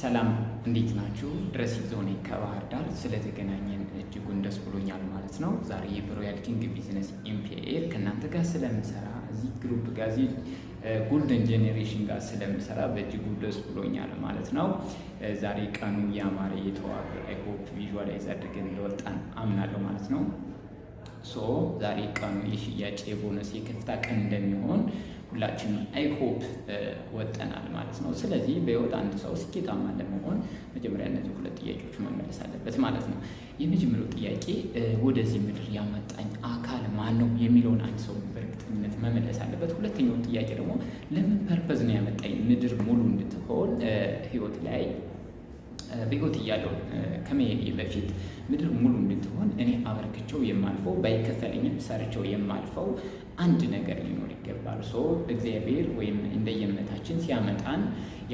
ሰላም እንዴት ናችሁ? ድረስ ዞኔ ከባህር ዳር ስለተገናኘን እጅጉን ደስ ብሎኛል ማለት ነው። ዛሬ የብሮያል ኪንግ ቢዝነስ ኤምፒኤል ከእናንተ ጋር ስለምሰራ እዚህ ግሩፕ ጋር እዚህ ጎልደን ጄኔሬሽን ጋር ስለምሰራ በእጅጉ ደስ ብሎኛል ማለት ነው። ዛሬ ቀኑ ያማረ የተዋበ አይሆፕ ቪዥዋላይዝ አድርገን እንደወጣን አምናለሁ ማለት ነው። ሶ ዛሬ ቀኑ የሽያጭ የቦነስ የከፍታ ቀን እንደሚሆን ሁላችንም አይ ሆፕ ወጠናል ማለት ነው። ስለዚህ በህይወት አንድ ሰው ስኬታማ ለመሆን መጀመሪያ እነዚህ ሁለት ጥያቄዎች መመለስ አለበት ማለት ነው። የመጀመሪያው ጥያቄ ወደዚህ ምድር ያመጣኝ አካል ማን ነው የሚለውን አንድ ሰው በእርግጠኝነት መመለስ አለበት። ሁለተኛው ጥያቄ ደግሞ ለምን ፐርፐዝ ነው ያመጣኝ ምድር ሙሉ እንድትሆን ህይወት ላይ በሕይወት እያለሁ ከመሄዴ በፊት ምድር ሙሉ እንድትሆን እኔ አበርክቸው የማልፈው ባይከፈለኝም ሰርቸው የማልፈው አንድ ነገር ሊኖር ይገባል። ሶ እግዚአብሔር ወይም እንደየእምነታችን ሲያመጣን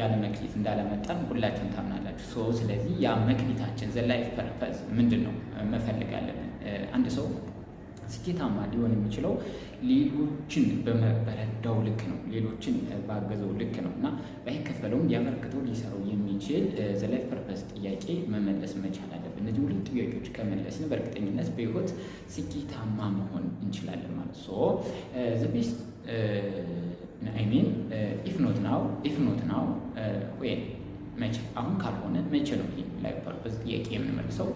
ያለ መክሊት እንዳለመጣን ሁላችሁም ታምናላችሁ። ሶ ስለዚህ ያ መክሊታችን ዘላይፍ ፐርፐዝ ምንድን ነው መፈልጋለን አንድ ሰው ስኬታማ ሊሆን የሚችለው ሌሎችን በረዳው ልክ ነው። ሌሎችን ባገዘው ልክ ነው እና ባይከፈለውም ሊያበረክተው ሊሰራው የሚችል ዘላይፍ ፐርፐስ ጥያቄ መመለስ መቻል አለብን። እነዚህ ሁለት ጥያቄዎች ከመለስን በእርግጠኝነት በህይወት ስኬታማ መሆን እንችላለን ማለት ሶ ዘ ቤስት አይሚን ኢፍ ኖት ናው ኢፍ ኖት ናው ወይ መቼ አሁን ካልሆነ መቼ ነው ላይፍ ፐርፐስ ጥያቄ የምንመልሰው?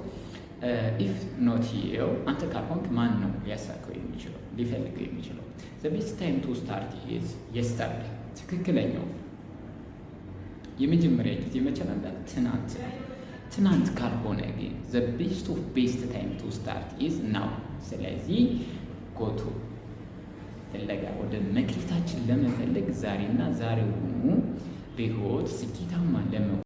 ኢፍ ኖት ው አንተ ካልሆንክ ማን ነው ሊያሳካው የሚችለው ሊፈልገው የሚችለው? ዘ ቤስት ታይም ቱ ስታርት ኢዝ የስተርዴ። ትክክለኛው የመጀመሪያ ጊዜ መቼ ነበር? ትናንት ነው። ትናንት ካልሆነ ግን ዘ ቤስት ኦፍ ቤስት ታይም ቱ ስታርት ኢዝ ናው። ስለዚህ ጎቱ ፍለጋ ወደ መክሊታችን ለመፈለግ ዛሬና ዛሬውኑ በህይወት ስኬታማ ለመሆን